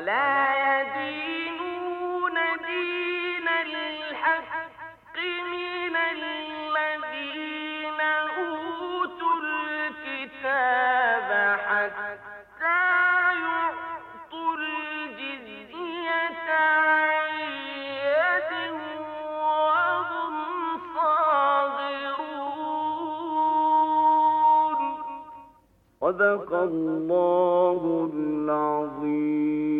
ولا يدينون دين الحق من الذين أوتوا الكتاب حتى يعطوا الجزية عن يد وهم صاغرون صدق الله العظيم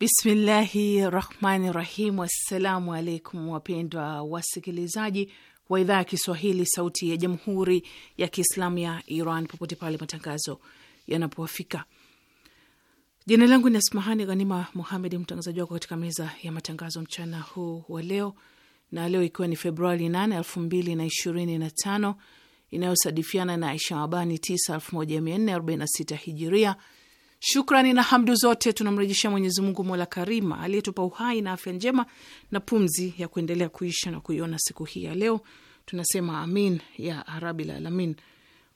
Bismillahi rahmani rahim. Assalamu alaikum wapendwa wasikilizaji wa idhaa ya Kiswahili sauti ya jamhuri ya Kiislamu ya Iran popote pale matangazo yanapowafika. Jina langu ni Asmahani Ghanima Muhamedi, mtangazaji wako katika meza ya matangazo mchana huu wa leo, na leo ikiwa ni Februari 8 elfu na inayosadifiana na Shabani 9 1446 hijiria Shukrani na hamdu zote tunamrejeshia Mwenyezi Mungu mola karima aliyetupa uhai na afya njema na pumzi ya kuendelea kuisha na kuiona siku hii ya leo. Tunasema amin ya rabil alamin.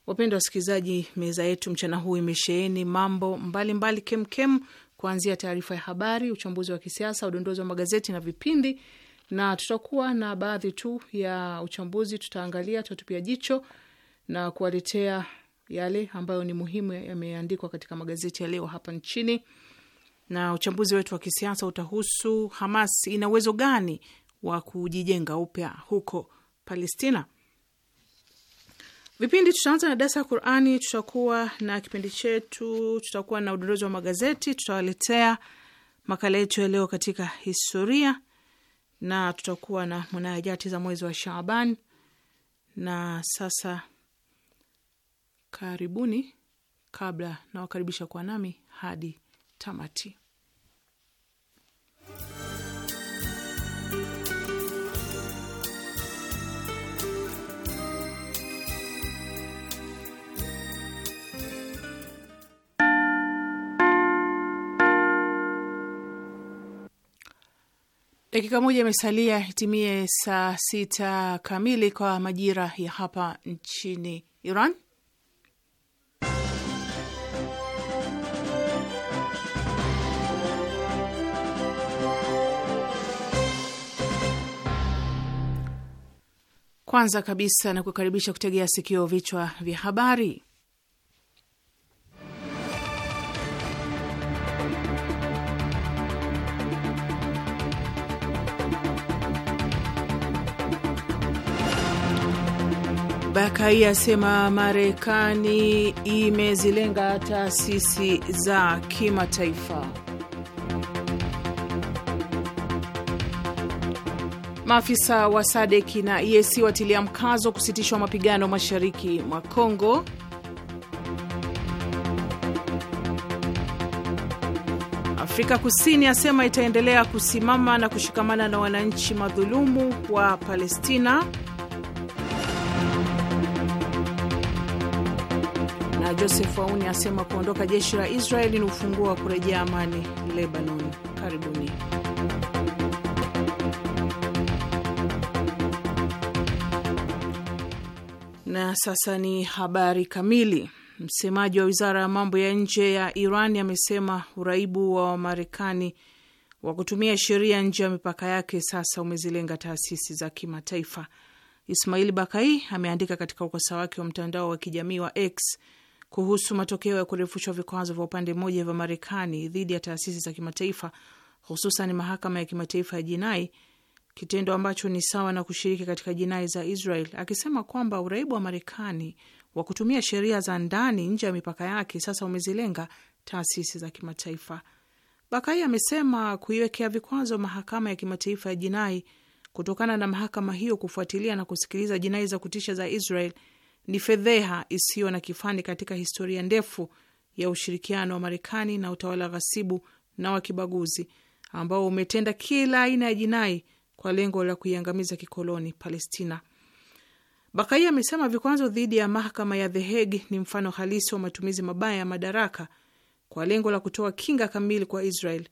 Wapendwa wasikilizaji, meza yetu mchana huu imesheheni mambo mbalimbali kemkem, kuanzia taarifa ya habari, uchambuzi wa kisiasa, udondozi wa magazeti na vipindi, na tutakuwa na baadhi tu ya uchambuzi tutaangalia, tutatupia jicho na kuwaletea yale ambayo ni muhimu yameandikwa katika magazeti ya leo hapa nchini, na uchambuzi wetu wa kisiasa utahusu Hamas ina uwezo gani wa kujijenga upya huko Palestina. Vipindi tutaanza na dasa ya Qurani, tutakuwa na kipindi chetu, tutakuwa na udondozi wa magazeti, tutawaletea makala yetu ya leo katika historia, na tutakuwa na mwanayajati za mwezi wa Shaaban. Na sasa karibuni. Kabla nawakaribisha kwa nami hadi tamati. Dakika moja imesalia itimie saa sita kamili kwa majira ya hapa nchini Iran, Kwanza kabisa na kukaribisha kutegea sikio vichwa vya habari. Bakai asema Marekani imezilenga taasisi za kimataifa. Maafisa wa SADEKI na EAC watilia mkazo kusitishwa mapigano mashariki mwa Kongo. Afrika Kusini asema itaendelea kusimama na kushikamana na wananchi madhulumu wa Palestina. Na Joseph Auni asema kuondoka jeshi la Israeli ni ufunguo wa kurejea amani Lebanon. Karibuni. Na sasa ni habari kamili. Msemaji wa wizara ya mambo ya nje ya Iran amesema uraibu wa Wamarekani wa kutumia sheria nje ya mipaka yake sasa umezilenga taasisi za kimataifa. Ismail Bakai ameandika katika ukosa wake wa mtandao wa kijamii wa X kuhusu matokeo ya kurefushwa vikwazo vya upande mmoja vya Marekani dhidi ya taasisi za kimataifa, hususan mahakama ya kimataifa ya jinai kitendo ambacho ni sawa na kushiriki katika jinai za Israel, akisema kwamba uraibu wa Marekani wa kutumia sheria za ndani nje ya mipaka yake sasa umezilenga taasisi za kimataifa. Bakai amesema kuiwekea vikwazo mahakama ya kimataifa ya jinai kutokana na mahakama hiyo kufuatilia na kusikiliza jinai za kutisha za Israel ni fedheha isiyo na kifani katika historia ndefu ya ushirikiano wa Marekani na utawala ghasibu na wa kibaguzi ambao umetenda kila aina ya jinai kwa lengo la kuiangamiza kikoloni Palestina. Bakai amesema vikwazo dhidi ya mahakama ya The Hague ni mfano halisi wa matumizi mabaya ya madaraka kwa lengo la kutoa kinga kamili kwa Israel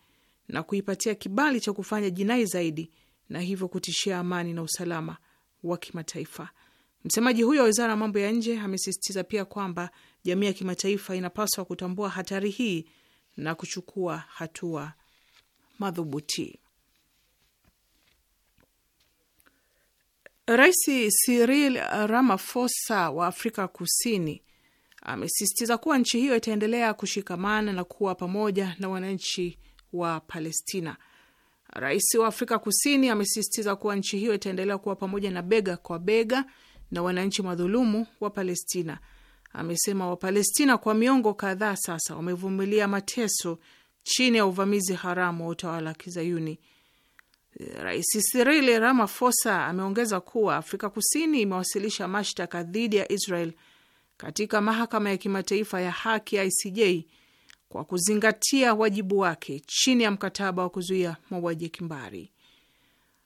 na kuipatia kibali cha kufanya jinai zaidi na hivyo kutishia amani na usalama wa kimataifa. Msemaji huyo wa wizara ya mambo ya nje amesisitiza pia kwamba jamii ya kimataifa inapaswa kutambua hatari hii na kuchukua hatua madhubuti. Rais Cyril Ramaphosa wa Afrika Kusini amesisitiza kuwa nchi hiyo itaendelea kushikamana na kuwa pamoja na wananchi wa Palestina. Rais wa Afrika Kusini amesisitiza kuwa nchi hiyo itaendelea kuwa pamoja na bega kwa bega na wananchi madhulumu wa Palestina. Amesema Wapalestina kwa miongo kadhaa sasa wamevumilia mateso chini ya uvamizi haramu wa utawala wa Kizayuni. Rais Cyril Ramaphosa ameongeza kuwa Afrika Kusini imewasilisha mashtaka dhidi ya Israel katika mahakama ya kimataifa ya haki ya ICJ kwa kuzingatia wajibu wake chini ya mkataba wa kuzuia mauaji ya kimbari.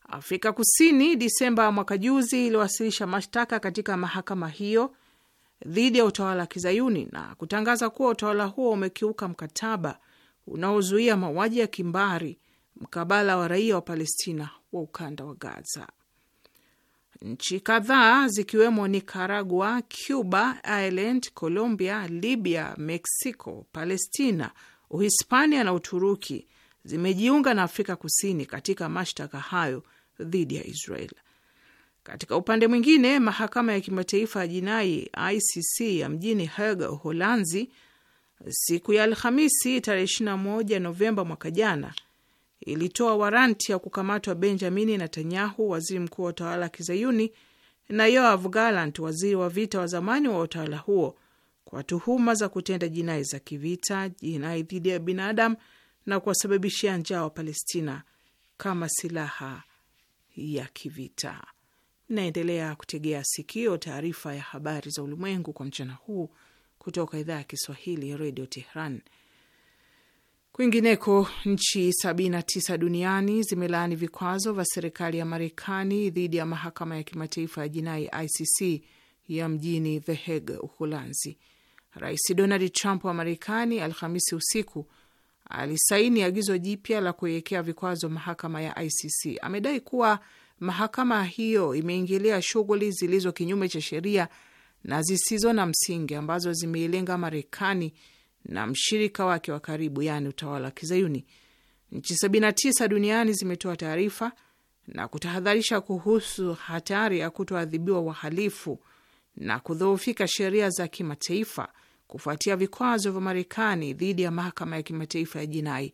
Afrika Kusini Disemba mwaka juzi iliwasilisha mashtaka katika mahakama hiyo dhidi ya utawala wa kizayuni na kutangaza kuwa utawala huo umekiuka mkataba unaozuia mauaji ya kimbari mkabala wa raia wa Palestina wa ukanda wa Gaza. Nchi kadhaa zikiwemo Nicaragua, Cuba, Ireland, Colombia, Libya, Mexico, Palestina, Uhispania na Uturuki zimejiunga na Afrika Kusini katika mashtaka hayo dhidi ya Israel. Katika upande mwingine, mahakama ya kimataifa ya jinai ICC ya mjini Hague, Uholanzi, siku ya Alhamisi tarehe 21 Novemba mwaka jana ilitoa waranti ya kukamatwa Benjamini Netanyahu, waziri mkuu wa utawala wa kizayuni na Yoav Gallant, waziri wa vita wa zamani wa utawala huo kwa tuhuma za kutenda jinai za kivita, jinai dhidi ya binadamu na kuwasababishia njaa wa Palestina kama silaha ya kivita. Naendelea kutegea sikio taarifa ya habari za ulimwengu kwa mchana huu kutoka idhaa ya Kiswahili ya redio Tehran. Kwingineko, nchi 79 duniani zimelaani vikwazo vya serikali ya Marekani dhidi ya mahakama ya kimataifa ya jinai ICC ya mjini The Hague, Uholanzi. Rais Donald Trump wa Marekani Alhamisi usiku alisaini agizo jipya la kuiwekea vikwazo mahakama ya ICC. Amedai kuwa mahakama hiyo imeingilia shughuli zilizo kinyume cha sheria na zisizo na msingi ambazo zimeilenga Marekani na mshirika wake wa karibu, yaani utawala wa Kizayuni. Nchi 79 duniani zimetoa taarifa na kutahadharisha kuhusu hatari ya kutoadhibiwa wahalifu na kudhoofika sheria za kimataifa kufuatia vikwazo vya Marekani dhidi ya mahakama ya kimataifa ya jinai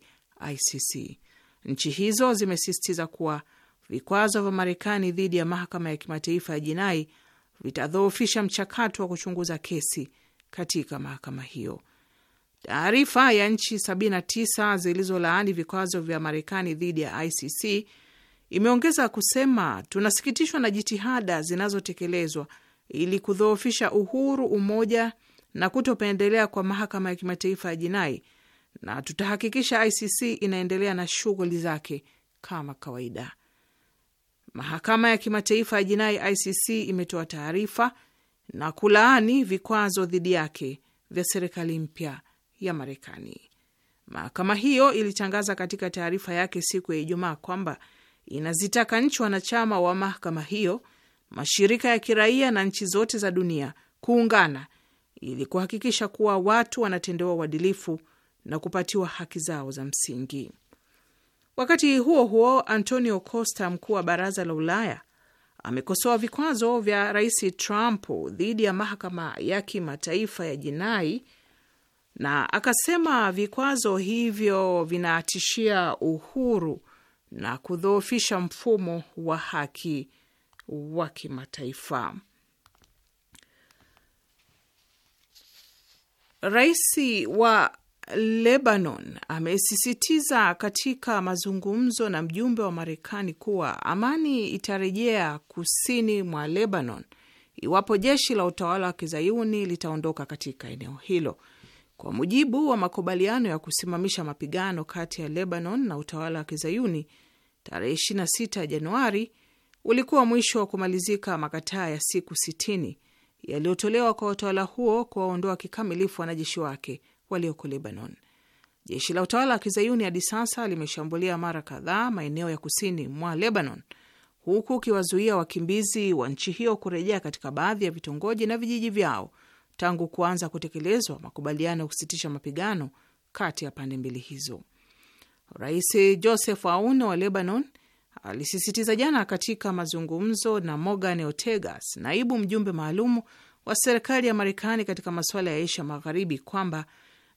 ICC. Nchi hizo zimesisitiza kuwa vikwazo vya Marekani dhidi ya mahakama ya kimataifa ya jinai vitadhoofisha mchakato wa kuchunguza kesi katika mahakama hiyo. Taarifa ya nchi 79 zilizolaani vikwazo vya Marekani dhidi ya ICC imeongeza kusema, tunasikitishwa na jitihada zinazotekelezwa ili kudhoofisha uhuru, umoja na kutopendelea kwa mahakama ya kimataifa ya jinai na tutahakikisha ICC inaendelea na shughuli zake kama kawaida. Mahakama ya kimataifa ya jinai ICC imetoa taarifa na kulaani vikwazo dhidi yake vya serikali mpya ya Marekani. Mahakama hiyo ilitangaza katika taarifa yake siku ya Ijumaa kwamba inazitaka nchi wanachama wa mahakama hiyo, mashirika ya kiraia na nchi zote za dunia kuungana ili kuhakikisha kuwa watu wanatendewa uadilifu na kupatiwa haki zao za msingi. Wakati huo huo, Antonio Costa, mkuu wa baraza la Ulaya, amekosoa vikwazo vya rais Trump dhidi ya mahakama ya kimataifa ya jinai na akasema vikwazo hivyo vinatishia uhuru na kudhoofisha mfumo wa haki wa kimataifa. Rais wa Lebanon amesisitiza katika mazungumzo na mjumbe wa Marekani kuwa amani itarejea kusini mwa Lebanon iwapo jeshi la utawala wa kizayuni litaondoka katika eneo hilo. Kwa mujibu wa makubaliano ya kusimamisha mapigano kati ya Lebanon na utawala wa Kizayuni, tarehe 26 Januari ulikuwa mwisho wa kumalizika makataa ya siku 60 yaliyotolewa kwa utawala huo kuwaondoa kikamilifu wanajeshi wake walioko Lebanon. Jeshi la utawala wa Kizayuni hadi sasa limeshambulia mara kadhaa maeneo ya kusini mwa Lebanon, huku ukiwazuia wakimbizi wa nchi hiyo kurejea katika baadhi ya vitongoji na vijiji vyao tangu kuanza kutekelezwa makubaliano ya kusitisha mapigano kati ya pande mbili hizo. Rais Joseph Aoun wa Lebanon alisisitiza jana katika mazungumzo na Morgan Otegas, naibu mjumbe maalumu wa serikali ya Marekani katika masuala ya Asia Magharibi, kwamba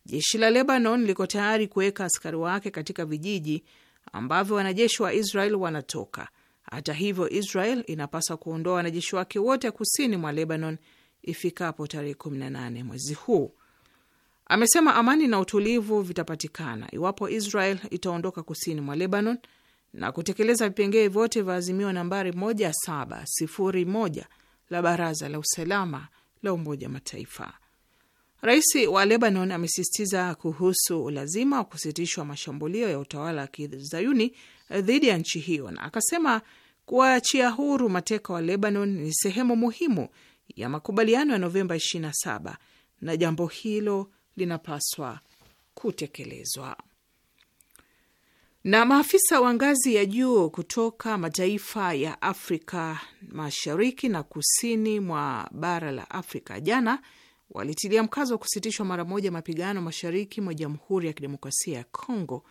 jeshi la Lebanon liko tayari kuweka askari wake katika vijiji ambavyo wanajeshi wa Israel wanatoka. Hata hivyo, Israel inapaswa kuondoa wanajeshi wake wote kusini mwa Lebanon ifikapo tarehe 18 mwezi huu. Amesema amani na utulivu vitapatikana iwapo Israel itaondoka kusini mwa Lebanon na kutekeleza vipengee vyote vya azimio nambari 1701 la Baraza la Usalama la Umoja Mataifa. Rais wa Lebanon amesisitiza kuhusu ulazima wa kusitishwa mashambulio ya utawala wa kizayuni dhidi ya nchi hiyo, na akasema kuwaachia huru mateka wa Lebanon ni sehemu muhimu ya makubaliano ya Novemba 27 na jambo hilo linapaswa kutekelezwa. Na maafisa wa ngazi ya juu kutoka mataifa ya Afrika Mashariki na kusini mwa bara la Afrika jana walitilia mkazo wa kusitishwa mara moja mapigano mashariki mwa Jamhuri ya Kidemokrasia ya Kongo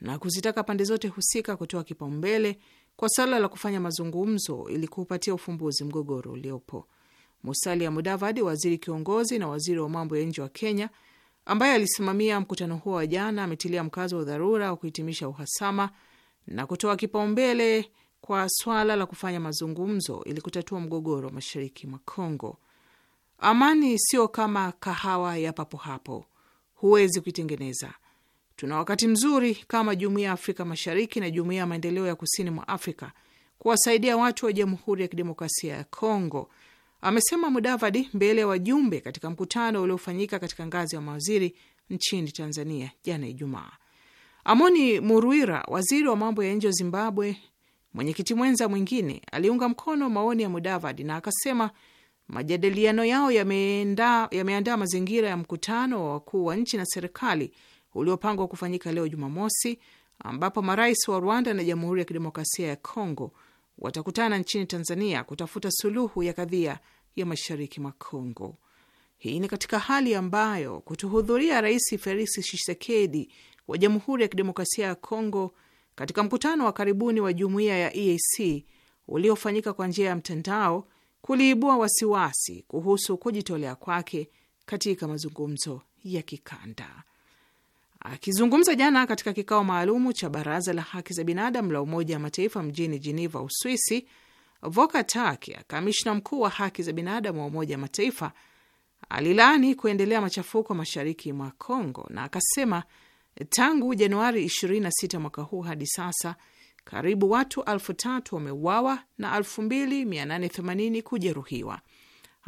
na kuzitaka pande zote husika kutoa kipaumbele kwa suala la kufanya mazungumzo ili kuupatia ufumbuzi mgogoro uliopo. Musalia Mudavadi, waziri kiongozi na waziri wa mambo ya nje wa Kenya, ambaye alisimamia mkutano huo wa jana, ametilia mkazo wa udharura wa kuhitimisha uhasama na kutoa kipaumbele kwa swala la kufanya mazungumzo ili kutatua mgogoro wa mashariki mwa Kongo. Amani sio kama kahawa ya papo hapo, huwezi kuitengeneza. Tuna wakati mzuri kama Jumuiya ya Afrika Mashariki na Jumuiya ya Maendeleo ya Kusini mwa Afrika kuwasaidia watu wa Jamhuri ya Kidemokrasia ya Kongo amesema Mudavadi mbele ya wajumbe katika mkutano uliofanyika katika ngazi ya mawaziri nchini Tanzania jana Ijumaa. Amoni Murwira, waziri wa mambo ya nje wa Zimbabwe, mwenyekiti mwenza mwingine, aliunga mkono maoni ya Mudavadi na akasema majadiliano yao yameandaa ya mazingira ya mkutano wa wakuu wa nchi na serikali uliopangwa kufanyika leo Jumamosi, ambapo marais wa Rwanda na Jamhuri ya Kidemokrasia ya Kongo watakutana nchini Tanzania kutafuta suluhu ya kadhia ya mashariki mwa Kongo. Hii ni katika hali ambayo kutohudhuria Rais Felix Tshisekedi wa Jamhuri ya Kidemokrasia ya Kongo katika mkutano wa karibuni wa jumuiya ya EAC uliofanyika kwa njia ya mtandao kuliibua wasiwasi kuhusu kujitolea kwake katika mazungumzo ya kikanda. Akizungumza jana katika kikao maalumu cha baraza la haki za binadamu la Umoja wa Mataifa mjini Jeneva, Uswisi, Voka takia kamishna mkuu wa haki za binadamu wa Umoja wa Mataifa, alilaani kuendelea machafuko mashariki mwa congo na akasema tangu Januari 26 mwaka huu hadi sasa karibu watu elfu tatu wameuawa na 2880 kujeruhiwa.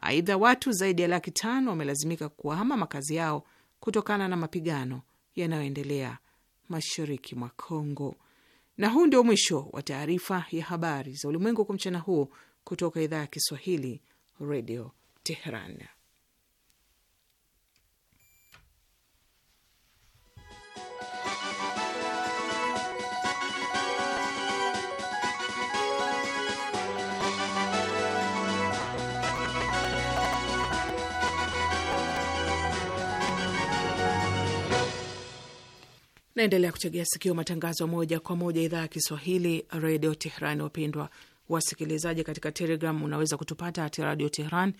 Aidha, watu zaidi ya laki tano wamelazimika kuhama makazi yao kutokana na mapigano yanayoendelea mashariki mwa Kongo. Na huu ndio mwisho wa taarifa ya habari za ulimwengu kwa mchana huo kutoka idhaa ya Kiswahili, Redio Teheran. Naendelea kutegea sikio matangazo moja kwa moja idhaa ya Kiswahili redio Tehran. Wapendwa wasikilizaji, katika Telegram unaweza kutupata at radio Tehran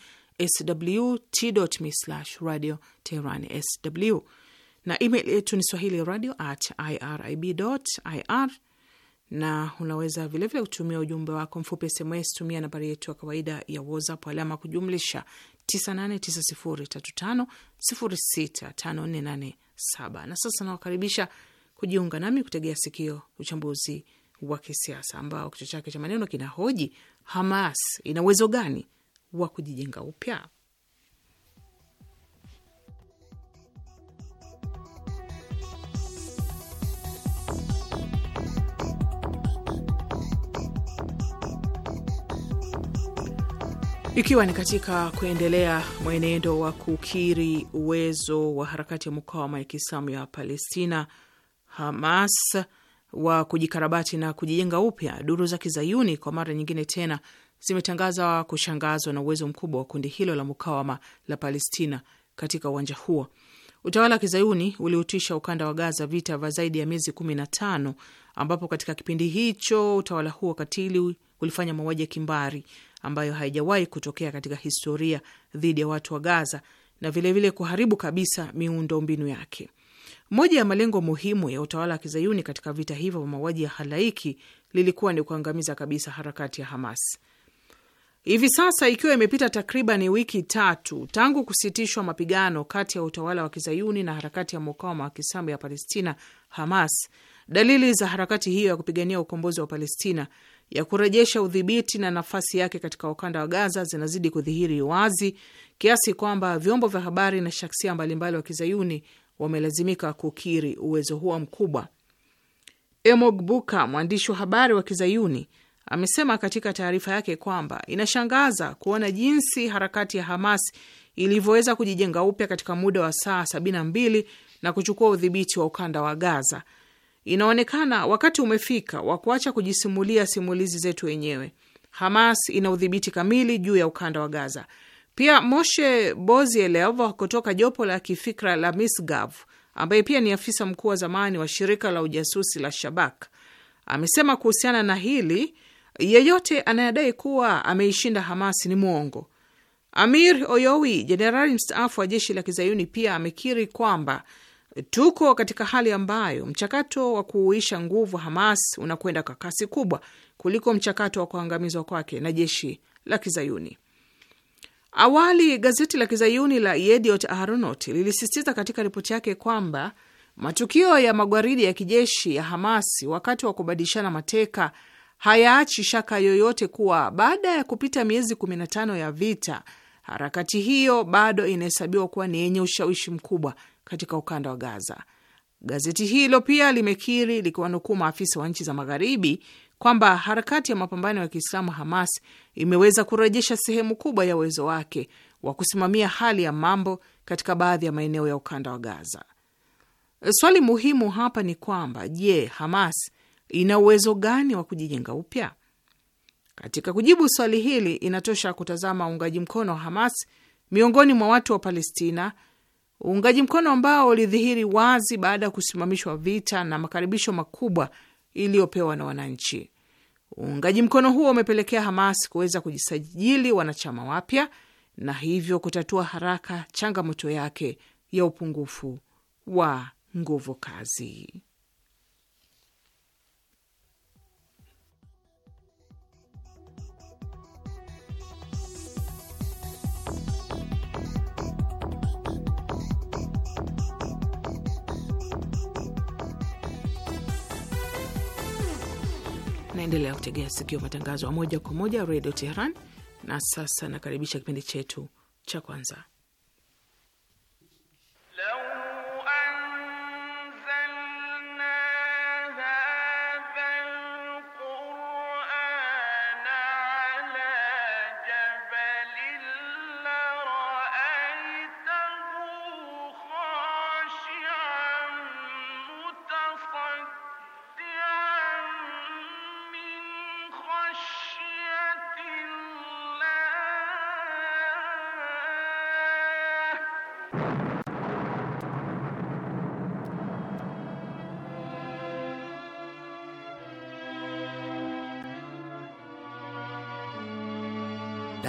sw t.me radio Tehran sw, na email yetu ni swahili radio at irib ir, na unaweza vilevile kutumia ujumbe wako mfupi SMS. Tumia nambari yetu ya kawaida ya WhatsApp alama kujumlisha 9890350654 saba. Na sasa nawakaribisha kujiunga nami kutegea sikio uchambuzi wa kisiasa ambao kichwa chake cha maneno kinahoji Hamas ina uwezo gani wa kujijenga upya. ikiwa ni katika kuendelea mwenendo wa kukiri uwezo wa harakati ya mukawama ya Kiislamu ya Palestina Hamas wa kujikarabati na kujijenga upya, duru za kizayuni kwa mara nyingine tena zimetangaza kushangazwa na uwezo mkubwa wa kundi hilo la mukawama la Palestina katika uwanja huo. Utawala wa kizayuni uliutisha ukanda wa Gaza vita vya zaidi ya miezi 15 ambapo katika kipindi hicho utawala huo katili ulifanya mauaji ya kimbari ambayo haijawahi kutokea katika historia dhidi ya watu wa Gaza na vilevile vile kuharibu kabisa miundombinu yake. Moja ya malengo muhimu ya utawala wa kizayuni katika vita hivyo vya mauaji ya halaiki lilikuwa ni kuangamiza kabisa harakati ya Hamas. Hivi sasa ikiwa imepita takriban wiki tatu tangu kusitishwa mapigano kati ya utawala wa kizayuni na harakati ya mukawama wa kiislamu ya Palestina, Hamas, dalili za harakati hiyo ya kupigania ukombozi wa Palestina ya kurejesha udhibiti na nafasi yake katika ukanda wa Gaza zinazidi kudhihiri wazi kiasi kwamba vyombo vya habari na shaksia mbalimbali wa kizayuni wamelazimika kukiri uwezo huo mkubwa. Emog Buka, mwandishi wa habari wa kizayuni, amesema katika taarifa yake kwamba inashangaza kuona jinsi harakati ya Hamas ilivyoweza kujijenga upya katika muda wa saa 72 na kuchukua udhibiti wa ukanda wa Gaza Inaonekana wakati umefika wa kuacha kujisimulia simulizi zetu wenyewe. Hamas ina udhibiti kamili juu ya ukanda wa Gaza. Pia Moshe Bozielev kutoka jopo la kifikra la Misgav, ambaye pia ni afisa mkuu wa zamani wa shirika la ujasusi la Shabak, amesema kuhusiana na hili, yeyote anayedai kuwa ameishinda Hamas ni mwongo. Amir Oyowi, jenerali mstaafu wa jeshi la Kizayuni, pia amekiri kwamba Tuko katika hali ambayo mchakato wa kuuisha nguvu Hamas unakwenda kwa kasi kubwa kuliko mchakato wa kuangamizwa kwake na jeshi la Kizayuni. Awali gazeti la Kizayuni la Yediot Aharonot lilisisitiza katika ripoti yake kwamba matukio ya magwaridi ya kijeshi ya Hamas wakati wa kubadilishana mateka hayaachi shaka yoyote kuwa baada ya kupita miezi 15 ya vita, harakati hiyo bado inahesabiwa kuwa ni yenye ushawishi mkubwa katika ukanda wa Gaza. Gazeti hilo pia limekiri likiwanukuu maafisa wa nchi za magharibi kwamba harakati ya mapambano ya Kiislamu Hamas imeweza kurejesha sehemu kubwa ya uwezo wake wa kusimamia hali ya mambo katika baadhi ya maeneo ya ukanda wa Gaza. Swali muhimu hapa ni kwamba je, Hamas ina uwezo gani wa kujijenga upya? Katika kujibu swali hili, inatosha kutazama uungaji mkono wa Hamas miongoni mwa watu wa Palestina uungaji mkono ambao ulidhihiri wazi baada ya kusimamishwa vita na makaribisho makubwa iliyopewa na wananchi. Uungaji mkono huo umepelekea Hamas kuweza kujisajili wanachama wapya na hivyo kutatua haraka changamoto yake ya upungufu wa nguvu kazi. Naendelea kutegea sikio matangazo ya moja kwa moja Redio Teheran. Na sasa nakaribisha kipindi chetu cha kwanza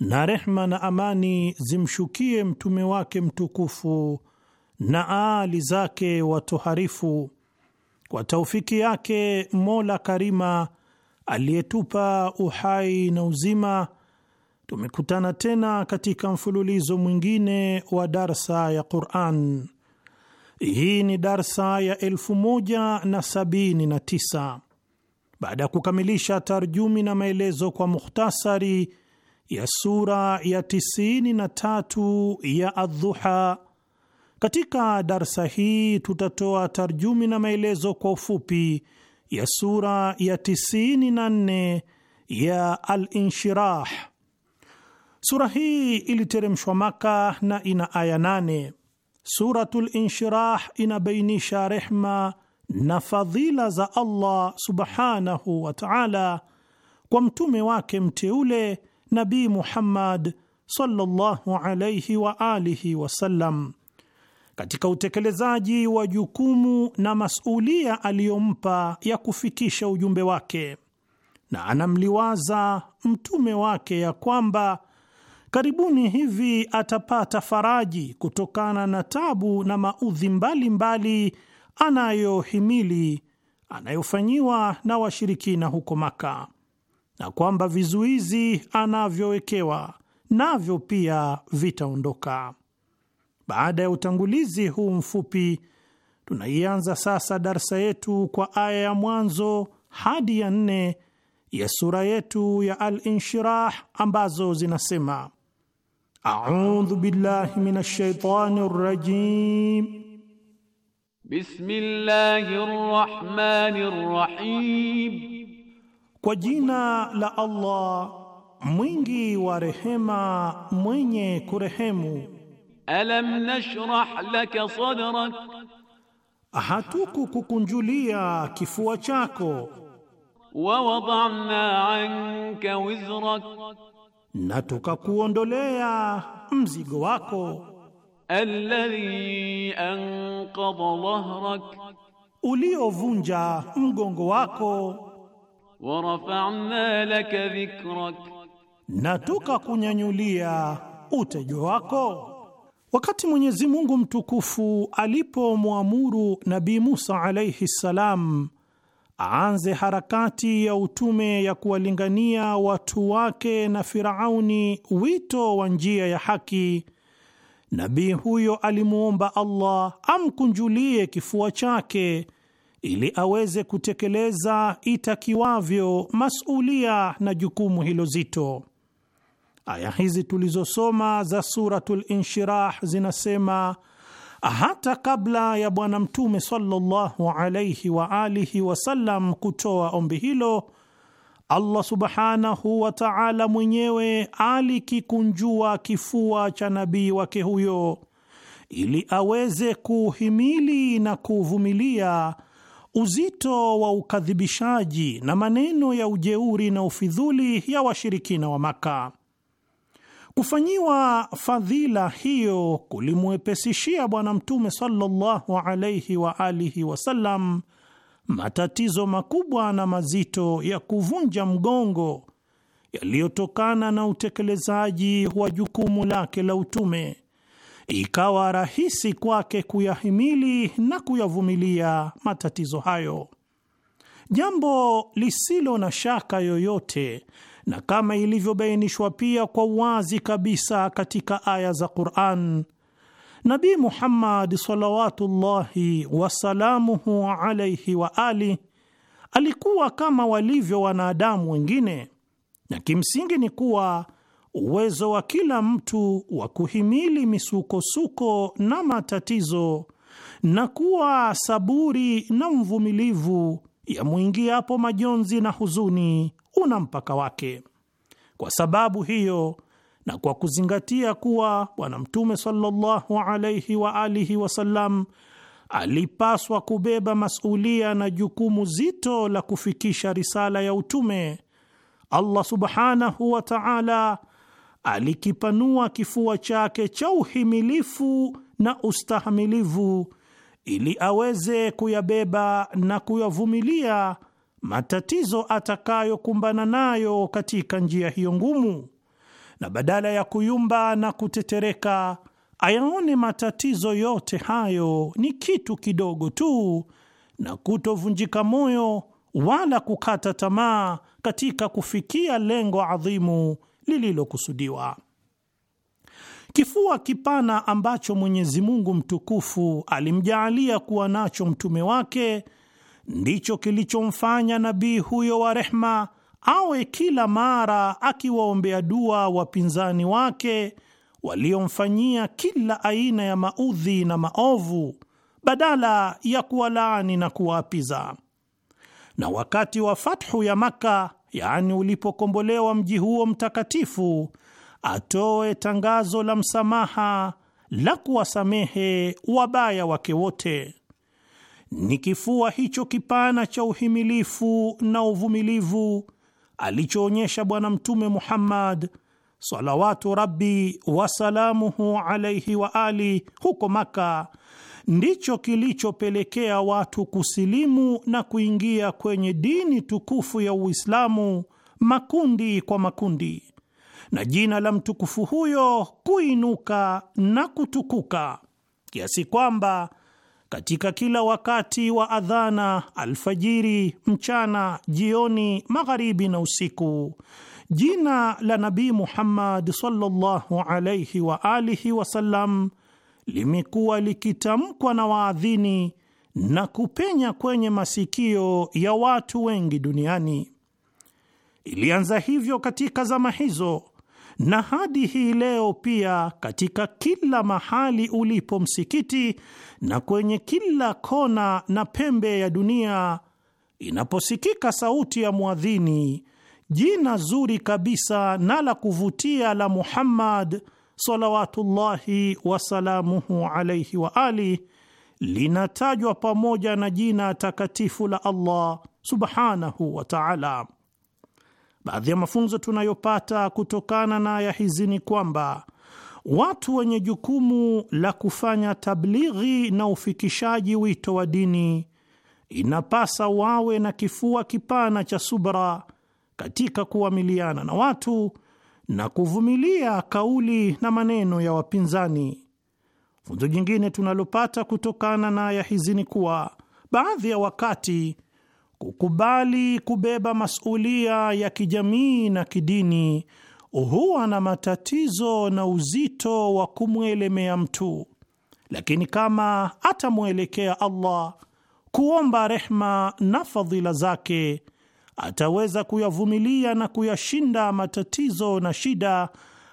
na rehma na amani zimshukie mtume wake mtukufu na aali zake watoharifu. Kwa taufiki yake Mola Karima aliyetupa uhai na uzima, tumekutana tena katika mfululizo mwingine wa darsa ya Quran. Hii ni darsa ya elfu moja na sabini na tisa baada ya kukamilisha tarjumi na maelezo kwa mukhtasari ya sura ya tatu ya Adhuha. Katika darsa hii tutatoa tarjumi na maelezo kwa ufupi ya sura ya nne ya Al-Inshirah. Sura hii iliteremshwa Maka na ina aya nane. Suratul Inshirah inabainisha rehma na fadhila za Allah subhanahu wa ta'ala kwa mtume wake mteule Nabi Muhammad sallallahu alayhi wa alihi wasallam katika utekelezaji wa jukumu na masulia aliyompa ya kufikisha ujumbe wake, na anamliwaza mtume wake ya kwamba karibuni hivi atapata faraji kutokana na tabu na maudhi mbalimbali anayohimili anayofanyiwa na washirikina huko Maka na kwamba vizuizi anavyowekewa navyo pia vitaondoka. Baada ya utangulizi huu mfupi, tunaianza sasa darsa yetu kwa aya ya mwanzo hadi ya nne ya sura yetu ya Al-Inshirah ambazo zinasema: audhu billahi minash rajim bismillahir rahmanir rahim kwa jina la Allah mwingi wa rehema, mwenye kurehemu. Alam nashrah laka sadrak, hatukukukunjulia kifua chako. Wa wada'na anka wizrak, na tukakuondolea mzigo wako. Alladhi anqadha dhahrak, uliovunja mgongo wako warafa'na laka dhikrak, na tukakunyanyulia utejo wako. Wakati Mwenyezi Mungu mtukufu alipomwamuru Nabii Musa alaihi ssalam aanze harakati ya utume ya kuwalingania watu wake na Firauni wito wa njia ya haki, nabii huyo alimwomba Allah amkunjulie kifua chake ili aweze kutekeleza itakiwavyo masulia na jukumu hilo zito. Aya hizi tulizosoma za Suratul Inshirah zinasema hata kabla ya Bwana Mtume sallallahu alaihi wa alihi wasallam kutoa ombi hilo, Allah subhanahu wa taala mwenyewe alikikunjua kifua cha nabii wake huyo ili aweze kuhimili na kuvumilia uzito wa ukadhibishaji na maneno ya ujeuri na ufidhuli ya washirikina wa Maka. Kufanyiwa fadhila hiyo kulimwepesishia Bwana Mtume sallallahu alaihi wa alihi wasallam matatizo makubwa na mazito ya kuvunja mgongo yaliyotokana na utekelezaji wa jukumu lake la utume ikawa rahisi kwake kuyahimili na kuyavumilia matatizo hayo, jambo lisilo na shaka yoyote, na kama ilivyobainishwa pia kwa wazi kabisa katika aya za Qur'an. nabi Muhammad salawatullahi wasalamuhu alaihi wa ali alikuwa kama walivyo wanadamu wengine, na kimsingi ni kuwa uwezo wa kila mtu wa kuhimili misukosuko na matatizo na kuwa saburi na mvumilivu ya mwingiapo majonzi na huzuni una mpaka wake. Kwa sababu hiyo na kwa kuzingatia kuwa Bwana Mtume sallallahu alaihi wa alihi wasallam alipaswa kubeba masulia na jukumu zito la kufikisha risala ya utume, Allah subhanahu wa ta'ala alikipanua kifua chake cha uhimilifu na ustahamilivu ili aweze kuyabeba na kuyavumilia matatizo atakayokumbana nayo katika njia hiyo ngumu, na badala ya kuyumba na kutetereka, ayaone matatizo yote hayo ni kitu kidogo tu, na kutovunjika moyo wala kukata tamaa katika kufikia lengo adhimu lililokusudiwa. Kifua kipana ambacho Mwenyezi Mungu mtukufu alimjaalia kuwa nacho mtume wake ndicho kilichomfanya nabii huyo wa rehma awe kila mara akiwaombea dua wapinzani wake waliomfanyia kila aina ya maudhi na maovu, badala ya kuwalaani na kuwaapiza. Na wakati wa fathu ya makka yaani ulipokombolewa mji huo mtakatifu, atoe tangazo la msamaha la kuwasamehe wabaya wake wote. Ni kifua hicho kipana cha uhimilifu na uvumilivu alichoonyesha Bwana Mtume Muhammad salawatu rabbi wasalamuhu alaihi wa ali huko Maka ndicho kilichopelekea watu kusilimu na kuingia kwenye dini tukufu ya Uislamu makundi kwa makundi, na jina la mtukufu huyo kuinuka na kutukuka kiasi kwamba katika kila wakati wa adhana, alfajiri, mchana, jioni, magharibi na usiku, jina la Nabii Muhammad sallallahu alayhi wa alihi wasallam limekuwa likitamkwa na waadhini na kupenya kwenye masikio ya watu wengi duniani. Ilianza hivyo katika zama hizo na hadi hii leo pia, katika kila mahali ulipo msikiti na kwenye kila kona na pembe ya dunia, inaposikika sauti ya mwadhini, jina zuri kabisa na la kuvutia la Muhammad salawatullahi wasalamuhu alaihi wa ali, linatajwa pamoja na jina takatifu la Allah subhanahu wa taala. Baadhi ya mafunzo tunayopata kutokana na aya hizi ni kwamba watu wenye jukumu la kufanya tablighi na ufikishaji wito wa dini inapasa wawe na kifua kipana cha subra katika kuamiliana na watu na kuvumilia kauli na maneno ya wapinzani. Funzo jingine tunalopata kutokana na aya hizi ni kuwa baadhi ya wakati kukubali kubeba masulia ya kijamii na kidini huwa na matatizo na uzito wa kumwelemea mtu, lakini kama atamwelekea Allah kuomba rehma na fadhila zake ataweza kuyavumilia na kuyashinda matatizo na shida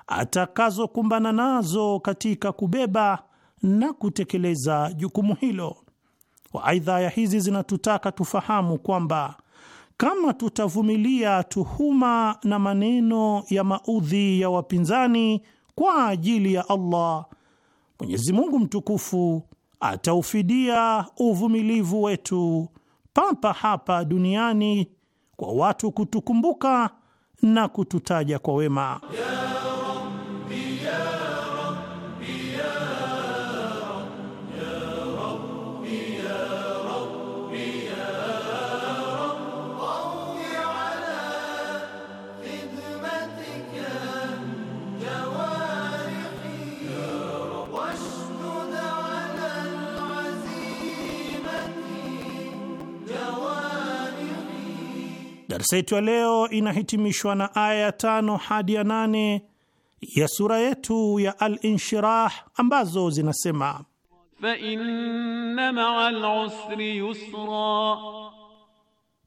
atakazokumbana nazo katika kubeba na kutekeleza jukumu hilo. Aidha, aya hizi zinatutaka tufahamu kwamba kama tutavumilia tuhuma na maneno ya maudhi ya wapinzani kwa ajili ya Allah, Mwenyezi Mungu mtukufu ataufidia uvumilivu wetu papa hapa duniani kwa watu kutukumbuka na kututaja kwa wema yeah. Darsa yetu ya leo inahitimishwa na aya ya tano hadi ya nane ya sura yetu ya Al-Inshirah ambazo zinasema fa inna ma'al usri yusra,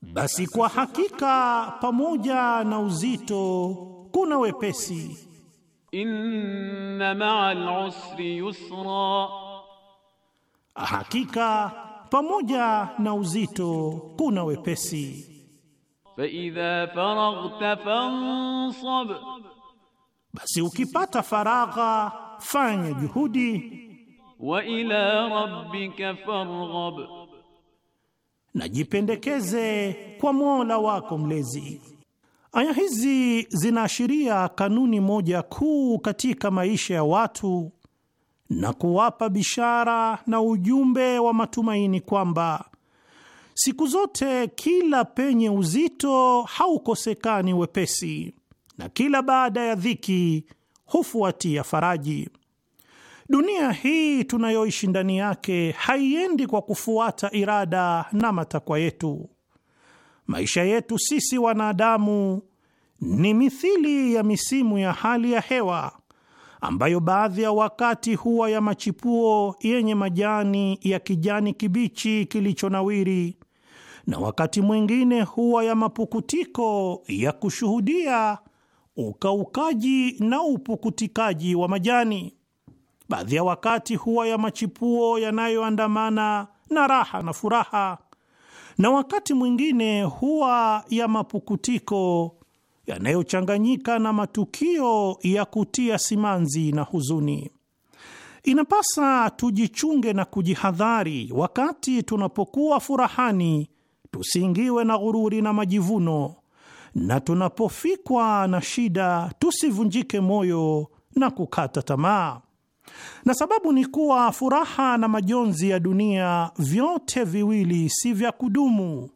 basi kwa hakika pamoja na uzito kuna wepesi. Inna ma'al usri yusra, hakika pamoja na uzito kuna wepesi faidha faraghta fansab, basi ukipata faragha fanya juhudi. Wa ila rabbika farghab, najipendekeze kwa Mola wako mlezi. Aya hizi zinaashiria kanuni moja kuu katika maisha ya watu na kuwapa bishara na ujumbe wa matumaini kwamba Siku zote kila penye uzito haukosekani wepesi, na kila baada ya dhiki hufuatia faraji. Dunia hii tunayoishi ndani yake haiendi kwa kufuata irada na matakwa yetu. Maisha yetu sisi wanadamu ni mithili ya misimu ya hali ya hewa ambayo baadhi ya wakati huwa ya machipuo yenye majani ya kijani kibichi kilichonawiri na wakati mwingine huwa ya mapukutiko ya kushuhudia ukaukaji na upukutikaji wa majani. Baadhi ya wakati huwa ya machipuo yanayoandamana na raha na furaha, na wakati mwingine huwa ya mapukutiko yanayochanganyika na matukio ya kutia simanzi na huzuni. Inapasa tujichunge na kujihadhari wakati tunapokuwa furahani tusiingiwe na ghururi na majivuno, na tunapofikwa na shida tusivunjike moyo na kukata tamaa. Na sababu ni kuwa furaha na majonzi ya dunia vyote viwili si vya kudumu,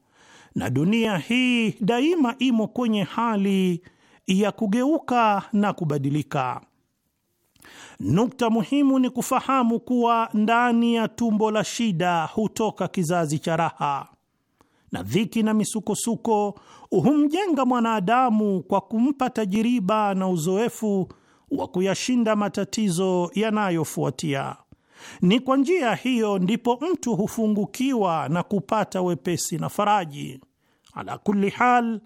na dunia hii daima imo kwenye hali ya kugeuka na kubadilika. Nukta muhimu ni kufahamu kuwa ndani ya tumbo la shida hutoka kizazi cha raha na dhiki na misukosuko humjenga mwanadamu kwa kumpa tajiriba na uzoefu wa kuyashinda matatizo yanayofuatia. Ni kwa njia hiyo ndipo mtu hufungukiwa na kupata wepesi na faraji. Ala kulli hal,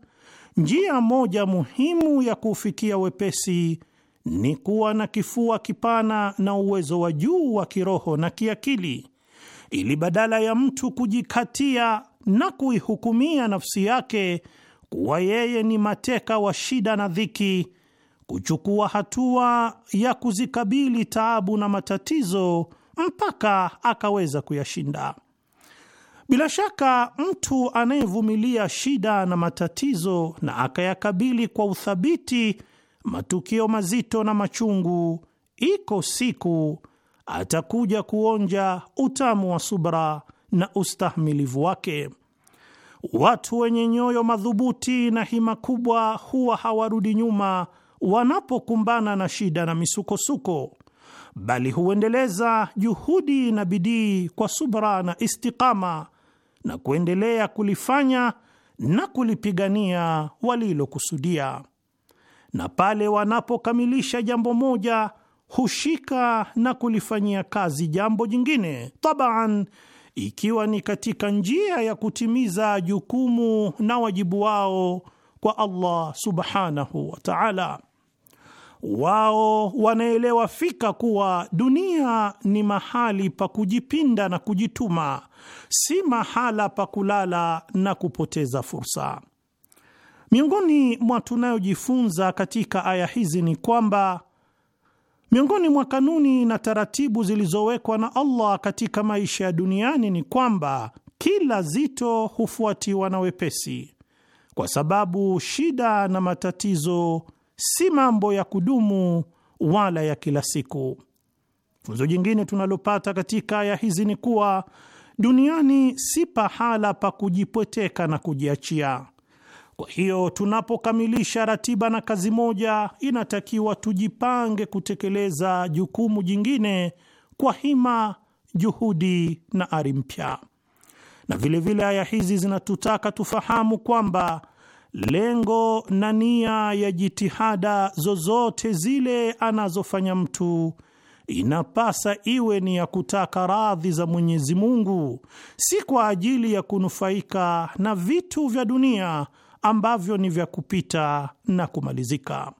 njia moja muhimu ya kufikia wepesi ni kuwa na kifua kipana na uwezo wa juu wa kiroho na kiakili, ili badala ya mtu kujikatia na kuihukumia nafsi yake kuwa yeye ni mateka wa shida na dhiki, kuchukua hatua ya kuzikabili taabu na matatizo mpaka akaweza kuyashinda. Bila shaka mtu anayevumilia shida na matatizo na akayakabili kwa uthabiti matukio mazito na machungu, iko siku atakuja kuonja utamu wa subra na ustahimilivu wake. Watu wenye nyoyo madhubuti na hima kubwa huwa hawarudi nyuma wanapokumbana na shida na misukosuko, bali huendeleza juhudi na bidii kwa subra na istikama na kuendelea kulifanya na kulipigania walilokusudia, na pale wanapokamilisha jambo moja hushika na kulifanyia kazi jambo jingine tabaan ikiwa ni katika njia ya kutimiza jukumu na wajibu wao kwa Allah subhanahu wa ta'ala. Wao wanaelewa fika kuwa dunia ni mahali pa kujipinda na kujituma, si mahala pa kulala na kupoteza fursa. Miongoni mwa tunayojifunza katika aya hizi ni kwamba Miongoni mwa kanuni na taratibu zilizowekwa na Allah katika maisha ya duniani ni kwamba kila zito hufuatiwa na wepesi, kwa sababu shida na matatizo si mambo ya kudumu wala ya kila siku. Funzo jingine tunalopata katika aya hizi ni kuwa duniani si pahala pa kujipweteka na kujiachia. Kwa hiyo tunapokamilisha ratiba na kazi moja, inatakiwa tujipange kutekeleza jukumu jingine kwa hima, juhudi na ari mpya. Na vilevile aya vile hizi zinatutaka tufahamu kwamba lengo na nia ya jitihada zozote zile anazofanya mtu inapasa iwe ni ya kutaka radhi za Mwenyezi Mungu, si kwa ajili ya kunufaika na vitu vya dunia ambavyo ni vya kupita na kumalizika.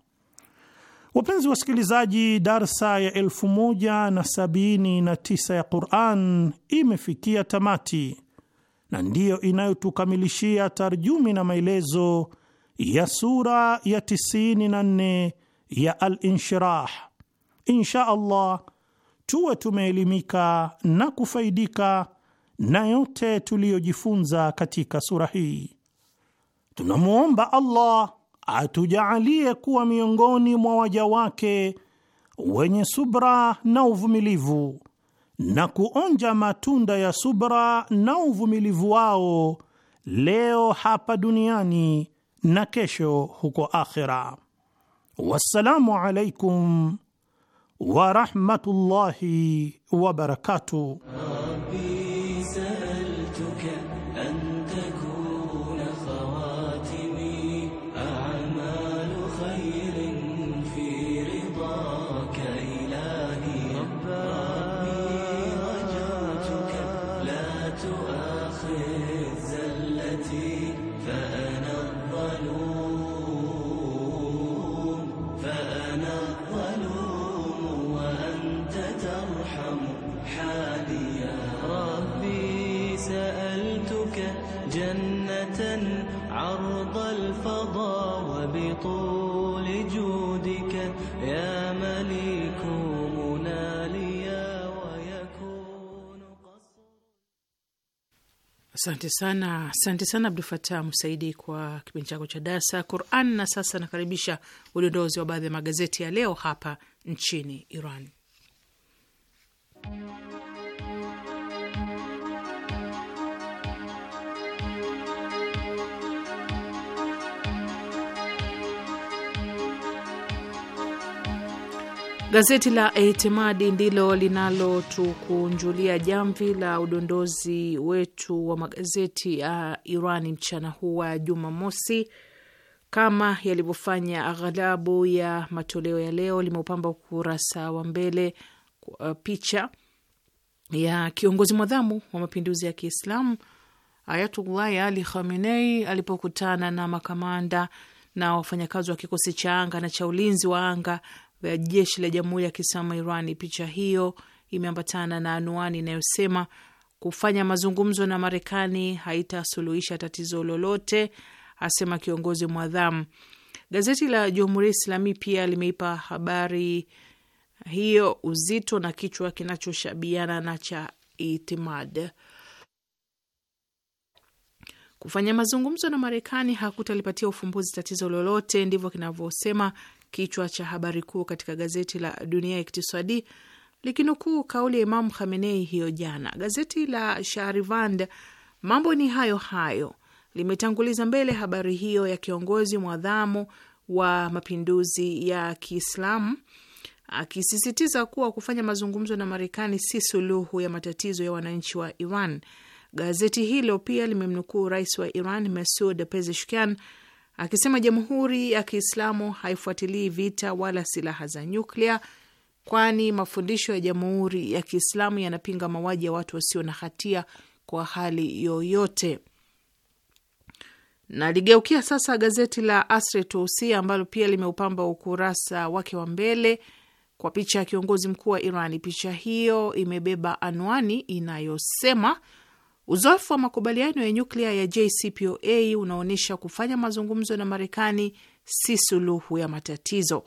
Wapenzi wasikilizaji, darsa ya 1079 ya Quran imefikia tamati na ndiyo inayotukamilishia tarjumi na maelezo ya sura ya 94 ya Al-Inshirah. Insha Allah tuwe tumeelimika na kufaidika na yote tuliyojifunza katika sura hii. Tunamwomba Allah atujaalie kuwa miongoni mwa waja wake wenye subra na uvumilivu na kuonja matunda ya subra na uvumilivu wao leo hapa duniani na kesho huko akhera Wassalamu alaikum warahmatullahi wabarakatuh. Asante sana, asante sana Abdul Fatah Musaidi kwa kipindi chako cha darsa Quran. Na sasa nakaribisha udondozi wa baadhi ya magazeti ya leo hapa nchini Iran. Gazeti la etimadi ndilo linalotukunjulia jamvi la udondozi wetu wa magazeti ya Irani mchana huu wa Jumamosi, kama yalivyofanya aghalabu ya matoleo ya leo. Limeupamba ukurasa wa mbele uh, picha ya kiongozi mwadhamu wa mapinduzi ya Kiislamu Ayatullahi Ali Khamenei alipokutana na makamanda na wafanyakazi wa kikosi cha anga na cha ulinzi wa anga vya jeshi la Jamhuri ya Kiislamu Irani. Picha hiyo imeambatana na anuani inayosema kufanya mazungumzo na Marekani haitasuluhisha tatizo lolote, asema kiongozi mwadhamu. Gazeti la Jumhuria Islami pia limeipa habari hiyo uzito na kichwa kinachoshabiana na cha Itimad. Kufanya mazungumzo na Marekani hakutalipatia ufumbuzi tatizo lolote, ndivyo kinavyosema kichwa cha habari kuu katika gazeti la Dunia ya Iktisadi likinukuu kauli ya Imamu Khamenei hiyo jana. Gazeti la Shahrivand, mambo ni hayo hayo, limetanguliza mbele habari hiyo ya kiongozi mwadhamu wa mapinduzi ya Kiislamu akisisitiza kuwa kufanya mazungumzo na Marekani si suluhu ya matatizo ya wananchi wa Iran. Gazeti hilo pia limemnukuu rais wa Iran Masud Pezeshkian akisema Jamhuri ya Kiislamu haifuatilii vita wala silaha za nyuklia, kwani mafundisho ya Jamhuri ya Kiislamu yanapinga mauaji ya watu wasio na hatia kwa hali yoyote. Naligeukia sasa gazeti la Asre Tusi ambalo pia limeupamba ukurasa wake wa mbele kwa picha ya kiongozi mkuu wa Irani. Picha hiyo imebeba anwani inayosema Uzoefu wa makubaliano ya nyuklia ya JCPOA unaonyesha kufanya mazungumzo na Marekani si suluhu ya matatizo.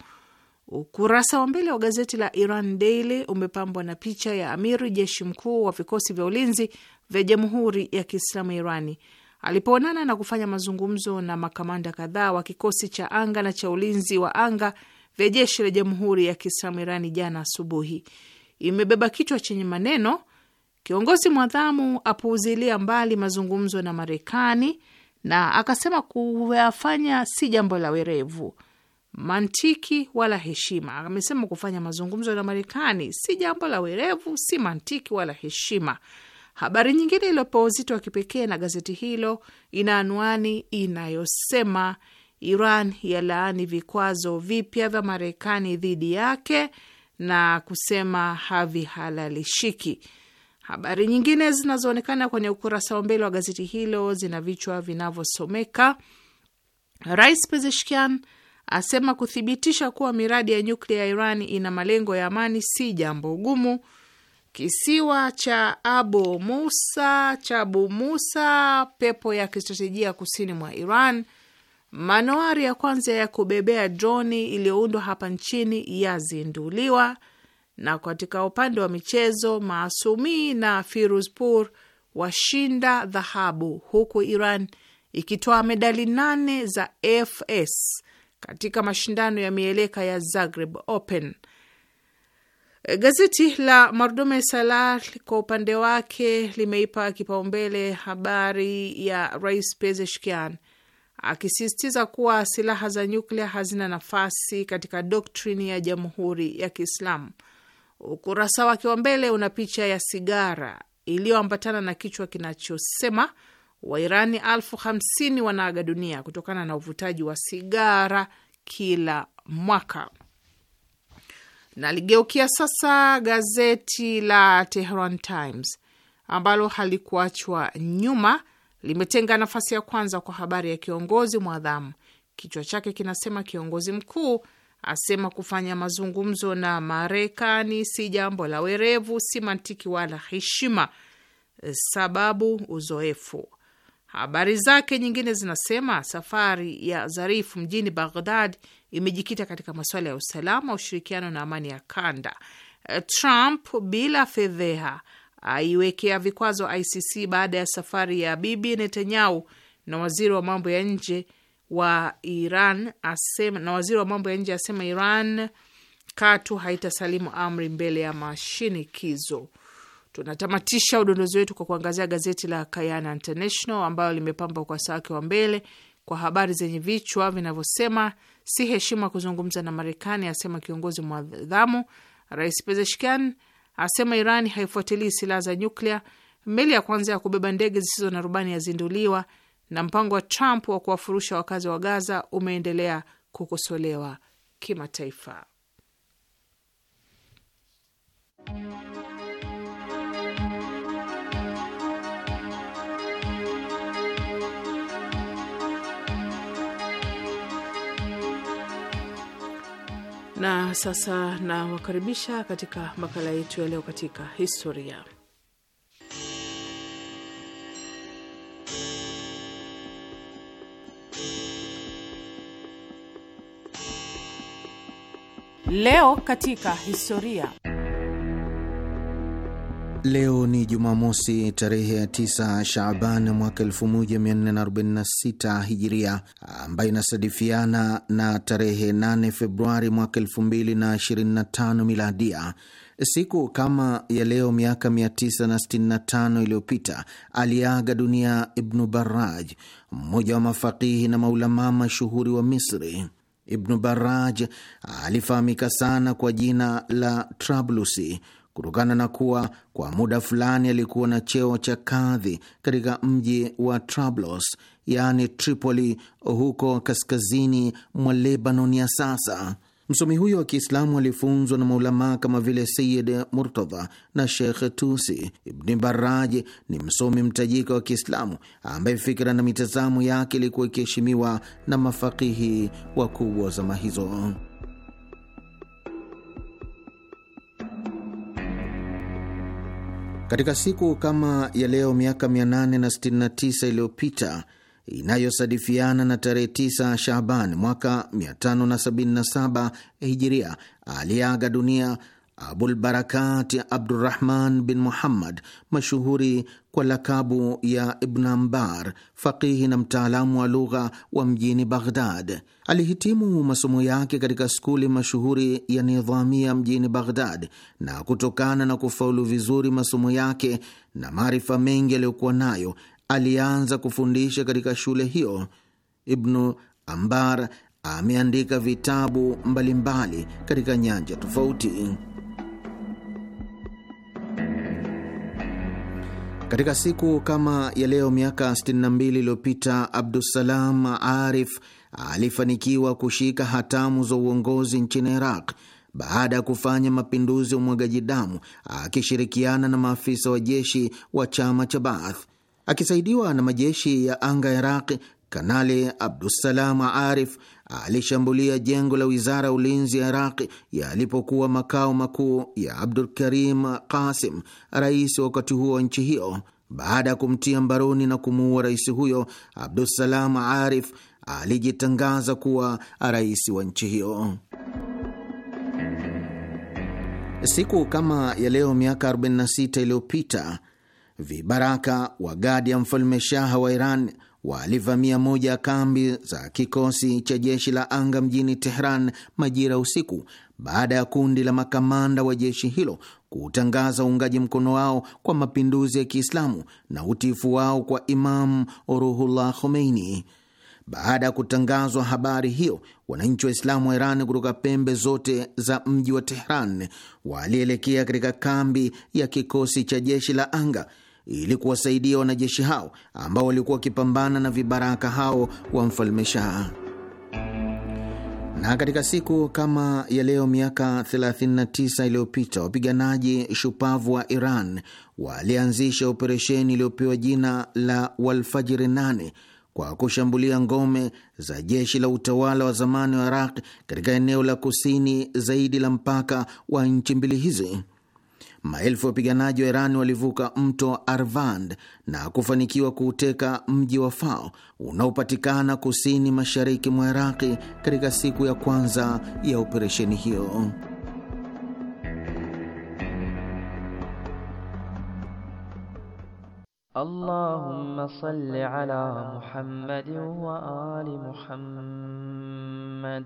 Ukurasa wa mbele wa gazeti la Iran Daily umepambwa na picha ya amiri jeshi mkuu wa vikosi vya ulinzi vya jamhuri ya Kiislamu Irani alipoonana na kufanya mazungumzo na makamanda kadhaa wa kikosi cha anga na cha ulinzi wa anga vya jeshi la jamhuri ya Kiislamu Irani jana asubuhi. Imebeba kichwa chenye maneno Kiongozi mwadhamu apuuzilia mbali mazungumzo na Marekani na akasema kuyafanya si jambo la werevu, mantiki wala heshima. Amesema kufanya mazungumzo na Marekani si jambo la werevu, si mantiki wala heshima. Habari nyingine iliyopewa uzito wa kipekee na gazeti hilo ina anwani inayosema Iran yalaani vikwazo vipya vya Marekani dhidi yake na kusema havihalalishiki. Habari nyingine zinazoonekana kwenye ukurasa wa mbele wa gazeti hilo zina vichwa vinavyosomeka: Rais Pezeshkian asema kuthibitisha kuwa miradi ya nyuklia ya Iran ina malengo ya amani si jambo gumu. Kisiwa cha Abu Musa cha Abu Musa, pepo ya kistratejia kusini mwa Iran. Manowari ya kwanza ya kubebea droni iliyoundwa hapa nchini yazinduliwa na katika upande wa michezo Maasumi na Firuzpur washinda dhahabu huku Iran ikitoa medali nane za FS katika mashindano ya mieleka ya Zagreb Open. Gazeti la mardome Salar kwa upande wake limeipa kipaumbele habari ya Rais Pezeshkian akisisitiza kuwa silaha za nyuklia hazina nafasi katika doktrini ya Jamhuri ya Kiislamu Ukurasa wake wa mbele una picha ya sigara iliyoambatana na kichwa kinachosema Wairani elfu hamsini wanaaga dunia kutokana na uvutaji wa sigara kila mwaka. Naligeukia sasa gazeti la Tehran Times ambalo halikuachwa nyuma, limetenga nafasi ya kwanza kwa habari ya kiongozi mwadhamu. Kichwa chake kinasema kiongozi mkuu asema kufanya mazungumzo na Marekani si jambo la werevu, si mantiki wala heshima, e, sababu uzoefu. Habari zake nyingine zinasema safari ya Zarifu mjini Baghdad imejikita katika masuala ya usalama, ushirikiano na amani ya kanda. E, Trump bila fedheha aiwekea vikwazo ICC baada ya safari ya Bibi Netanyahu na waziri wa mambo ya nje wa Iran asema, na waziri wa mambo ya nje asema Iran katu haitasalimu amri mbele ya mashinikizo. Tunatamatisha udondozi wetu kwa kuangazia gazeti la Kayana International ambayo limepamba ukurasa wake wa mbele kwa habari zenye vichwa vinavyosema: si heshima kuzungumza na Marekani, asema kiongozi mwadhamu. Rais Pezeshkian asema Irani haifuatilii silaha za nyuklia. Meli ya kwanza ya kubeba ndege zisizo na rubani yazinduliwa na mpango wa Trump wa kuwafurusha wakazi wa Gaza umeendelea kukosolewa kimataifa. Na sasa nawakaribisha katika makala yetu ya leo katika historia Leo katika historia. Leo ni Jumamosi tarehe ya 9 Shaaban mwaka 1446 Hijiria, ambayo inasadifiana na tarehe 8 Februari mwaka 2025 Miladia. Siku kama ya leo miaka 965 iliyopita aliaga dunia Ibnu Baraj, mmoja wa mafakihi na maulamaa mashuhuri wa Misri. Ibnu Baraj alifahamika sana kwa jina la Trablusi kutokana na kuwa kwa muda fulani alikuwa na cheo cha kadhi katika mji wa Trablos, yaani Tripoli, huko kaskazini mwa Lebanon ya sasa. Msomi huyo wa Kiislamu alifunzwa na maulamaa kama vile Sayid Murtadha na Shekh Tusi. Ibni baraj ni msomi mtajika wa Kiislamu ambaye fikira na mitazamo yake ilikuwa ikiheshimiwa na mafakihi wakubwa wa zama hizo. Katika siku kama ya leo miaka 869 iliyopita inayosadifiana na tarehe 9 Shaban mwaka 577 Hijiria, aliaga dunia Barakat Abdurahman bin Muhammad, mashuhuri kwa lakabu ya Ibn Ambar, faqihi na mtaalamu wa lugha wa mjini Baghdad. Alihitimu masomo yake katika skuli mashuhuri ya Nidhamia mjini Baghdad, na kutokana na kufaulu vizuri masomo yake na maarifa mengi aliyokuwa nayo alianza kufundisha katika shule hiyo. Ibnu Ambar ameandika vitabu mbalimbali mbali katika nyanja tofauti. Katika siku kama ya leo miaka 62 iliyopita Abdusalam Arif alifanikiwa kushika hatamu za uongozi nchini Iraq baada ya kufanya mapinduzi ya umwagaji damu akishirikiana na maafisa wa jeshi wa chama cha Baath. Akisaidiwa na majeshi ya anga ya Iraqi, Kanali Abdusalam Arif alishambulia jengo la wizara ya ulinzi ya Iraqi yalipokuwa makao makuu ya Abdulkarim Qasim, rais wa wakati huo wa nchi hiyo. Baada ya kumtia mbaroni na kumuua rais huyo, Abdusalam Arif alijitangaza kuwa rais wa nchi hiyo. Siku kama ya leo miaka 46 iliyopita vibaraka wa gadi ya mfalme Shaha wa Iran walivamia moja ya kambi za kikosi cha jeshi la anga mjini Tehran majira usiku, baada ya kundi la makamanda wa jeshi hilo kutangaza uungaji mkono wao kwa mapinduzi ya Kiislamu na utiifu wao kwa imam Ruhullah Khomeini. Baada ya kutangazwa habari hiyo, wananchi wa Islamu wa Iran kutoka pembe zote za mji wa Tehran walielekea katika kambi ya kikosi cha jeshi la anga ili kuwasaidia wanajeshi hao ambao walikuwa wakipambana na vibaraka hao wa mfalme Shah. Na katika siku kama ya leo miaka 39 iliyopita wapiganaji shupavu wa Iran walianzisha operesheni iliyopewa jina la Walfajiri nane kwa kushambulia ngome za jeshi la utawala wa zamani wa Iraq katika eneo la kusini zaidi la mpaka wa nchi mbili hizi maelfu ya wapiganaji wa Iran walivuka mto Arvand na kufanikiwa kuuteka mji wa Fao unaopatikana kusini mashariki mwa Iraqi katika siku ya kwanza ya operesheni hiyo. Allahumma salli ala Muhammadin wa ali Muhammad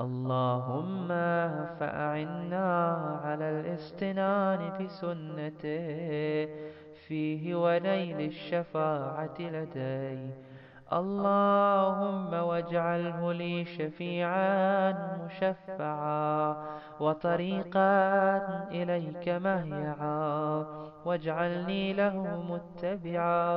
اللهم فأعنا على الاستنان بسنته فيه ونيل الشفاعة لدي اللهم واجعله لي شفيعا مشفعا وطريقا إليك مهيعا واجعلني له متبعا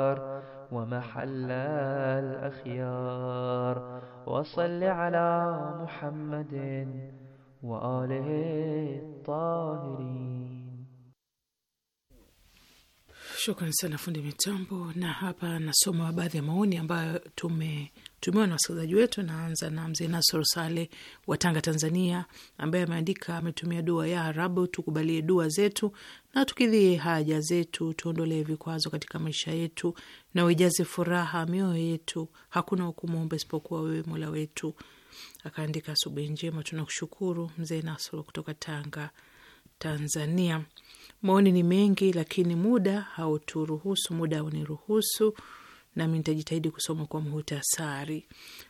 محلى الأخيار وصل على محمد وآله الطاهرين. Shukran sana fundi mitambo, na hapa nasoma baadhi ya maoni ambayo tume na wasikilizaji wetu. Naanza na mzee Nasor Sale wa Tanga, Tanzania, ambaye ameandika ametumia dua ya Arabu, tukubalie dua zetu na tukidhie haja zetu, tuondolee vikwazo katika maisha yetu na uijaze furaha mioyo yetu. Hakuna wakumwomba isipokuwa wewe, mola wetu. Akaandika asubuhi njema, tunakushukuru mzee Nasor kutoka Tanga, Tanzania. Maoni ni mengi, lakini muda hauturuhusu, muda auniruhusu nami nitajitahidi kusoma kwa muhtasari.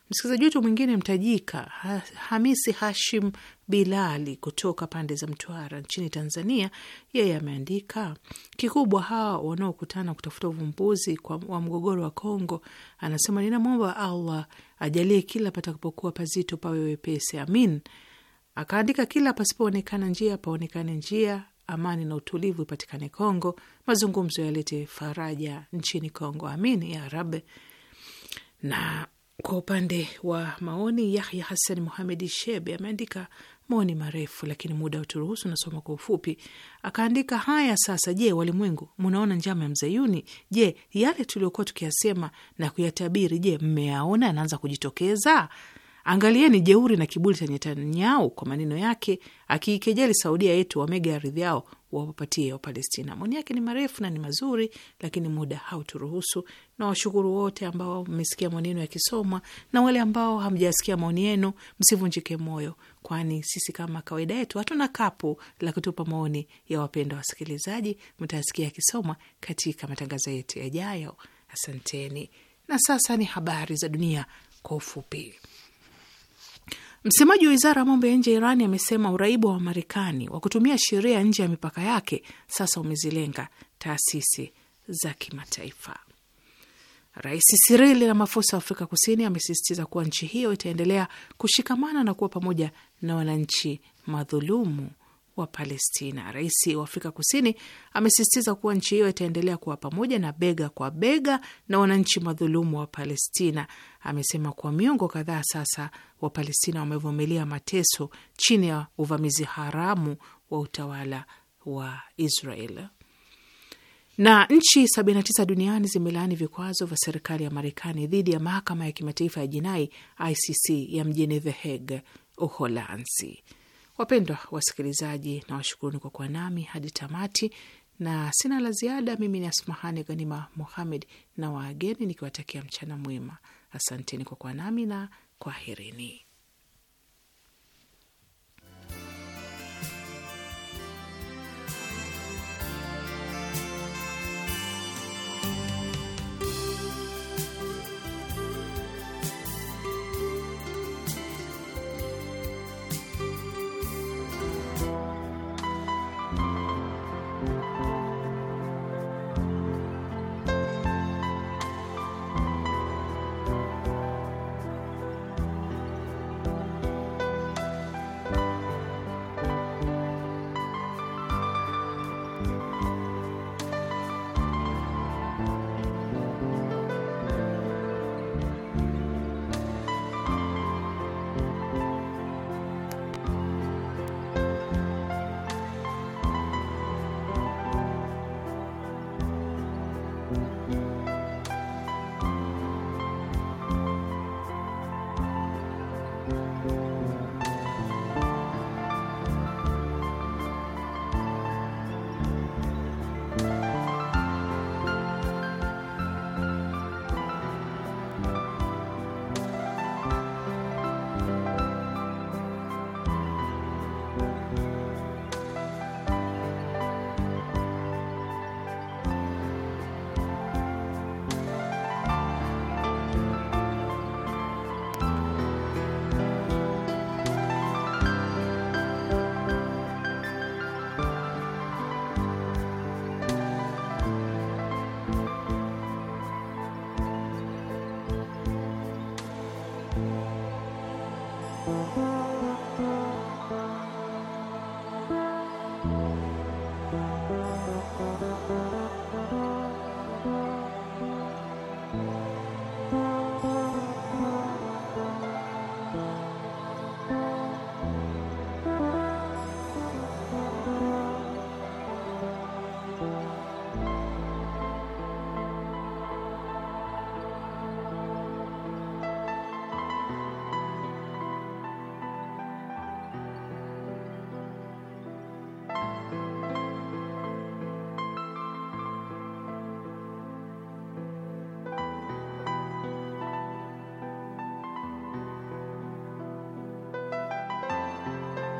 Msikilizaji wetu mwingine mtajika ha, Hamisi Hashim Bilali kutoka pande za Mtwara nchini Tanzania, yeye ameandika kikubwa, hawa wanaokutana kutafuta uvumbuzi wa mgogoro wa Kongo. Anasema, ninamwomba Allah ajalie kila patakapokuwa pazito pawe wepesi, amin. Akaandika, kila pasipoonekana njia paonekane njia, amani na utulivu ipatikane Kongo, mazungumzo yalete faraja nchini Kongo. Amin ya rab. Na kwa upande wa maoni, Yahya Hassan Muhamedi Shebe ameandika maoni marefu, lakini muda uturuhusu, nasoma kwa ufupi. Akaandika haya sasa. Je, walimwengu, mnaona njama ya mzayuni? Je, yale tuliokuwa tukiyasema na kuyatabiri, je, mmeyaona yanaanza kujitokeza? Angalieni jeuri na kiburi cha Netanyahu kwa maneno yake akiikejeli Saudia yetu wamega ardhi yao wawapatie Wapalestina. Maoni yake ni marefu na ni mazuri, lakini muda hauturuhusu. Na washukuru wote ambao mmesikia maoni yenu yakisomwa na wale ambao hamjasikia maoni yenu, msivunjike moyo, kwani sisi kama kawaida yetu hatuna kapu la kutupa maoni ya wapendwa wasikilizaji. Mtayasikia yakisomwa katika matangazo yetu yajayo. Asanteni. Na sasa ni habari za dunia kwa ufupi. Msemaji wa wizara ya mambo ya nje ya Irani amesema uraibu wa Marekani wa kutumia sheria nje ya mipaka yake sasa umezilenga taasisi za kimataifa. Rais Sirili Ramafosa wa Afrika Kusini amesisitiza kuwa nchi hiyo itaendelea kushikamana na kuwa pamoja na wananchi madhulumu wa Palestina. Rais wa Afrika Kusini amesisitiza kuwa nchi hiyo itaendelea kuwa pamoja na bega kwa bega na wananchi madhulumu wa Palestina. Amesema kwa miongo kadhaa sasa Wapalestina wamevumilia mateso chini ya uvamizi haramu wa utawala wa Israel. Na nchi 79 duniani zimelaani vikwazo vya serikali ya Marekani dhidi ya mahakama ya kimataifa ya jinai ICC ya mjini The Hague, Uholanzi. Wapendwa wasikilizaji, na washukuruni kwa kuwa nami hadi tamati, na sina la ziada. Mimi ni Asmahani Ghanima Muhamed na waageni nikiwatakia mchana mwema. Asanteni kwa kuwa nami na kwaherini.